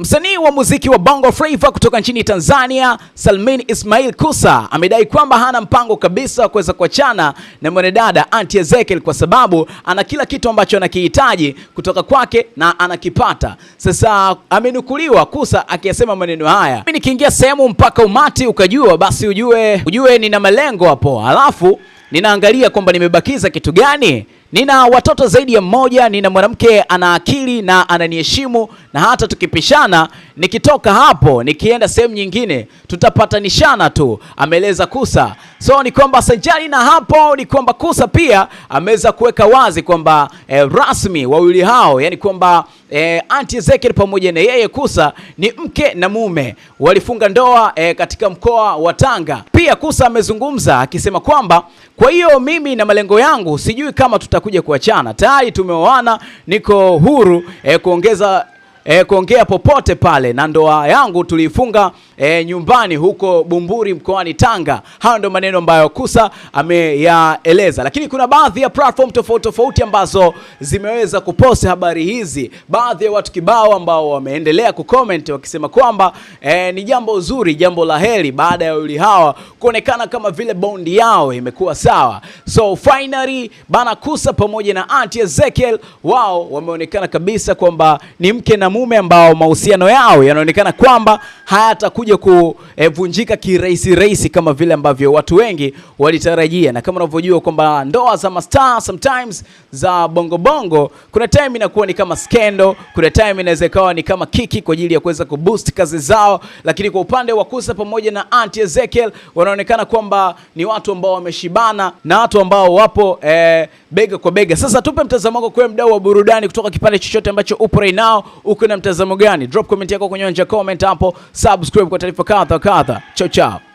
Msanii wa muziki wa Bongo Flava kutoka nchini Tanzania, Salmin Ismail Kusa amedai kwamba hana mpango kabisa wa kuweza kuachana na mwanadada Aunty Ezekiel kwa sababu ana kila kitu ambacho anakihitaji kutoka kwake na anakipata. Sasa amenukuliwa Kusa akiyasema maneno haya. Mimi nikiingia sehemu mpaka umati ukajua, basi ujue, ujue nina malengo hapo. alafu ninaangalia kwamba nimebakiza kitu gani. Nina watoto zaidi ya mmoja, nina mwanamke ana akili na ananiheshimu, na hata tukipishana nikitoka hapo nikienda sehemu nyingine tutapatanishana tu, ameeleza Kusa. So ni kwamba sajali na hapo ni kwamba Kusa pia ameweza kuweka wazi kwamba e, rasmi wawili hao yani kwamba e, eh, Anti Ezekiel pamoja na yeye Kusa ni mke na mume, walifunga ndoa e, katika mkoa wa Tanga. Pia Kusa amezungumza akisema kwamba kwa hiyo mimi na malengo yangu sijui kama tutakuja kuachana, tayari tumeoana, niko huru e, kuongeza E, kuongea popote pale na ndoa yangu tuliifunga e, nyumbani huko Bumburi mkoani Tanga. Hayo ndio maneno ambayo Kusa ameyaeleza, lakini kuna baadhi ya platform tofauti tofauti ambazo zimeweza kuposti habari hizi, baadhi ya watu kibao ambao wameendelea kucomment wakisema kwamba e, ni jambo zuri, jambo la heri baada ya wawili hawa kuonekana kama vile bondi yao imekuwa sawa. So finally bana Kusa pamoja na Auntie Ezekiel wao wameonekana kabisa kwamba ni mke na mume ambao mahusiano yao yanaonekana kwamba hayatakuja kuvunjika kirahisi rahisi kama vile ambavyo watu wengi walitarajia, na kama unavyojua kwamba ndoa za mastaa sometimes za bongo bongo, kuna time inakuwa ni kama skendo, kuna time inaweza ikawa ni kama kiki kwa ajili ya kuweza kuboost kazi zao, lakini kwa upande wa Kusa pamoja na Aunt Ezekiel wanaonekana kwamba ni watu ambao wameshibana na watu ambao wapo e, bega kwa bega. Sasa tupe mtazamo wako kwa mdau wa burudani kutoka kipande chochote ambacho upo right now uko na mtazamo gani? Drop comment yako kwenye anja comment hapo, subscribe kwa taarifa kadha kadha. Chao chao.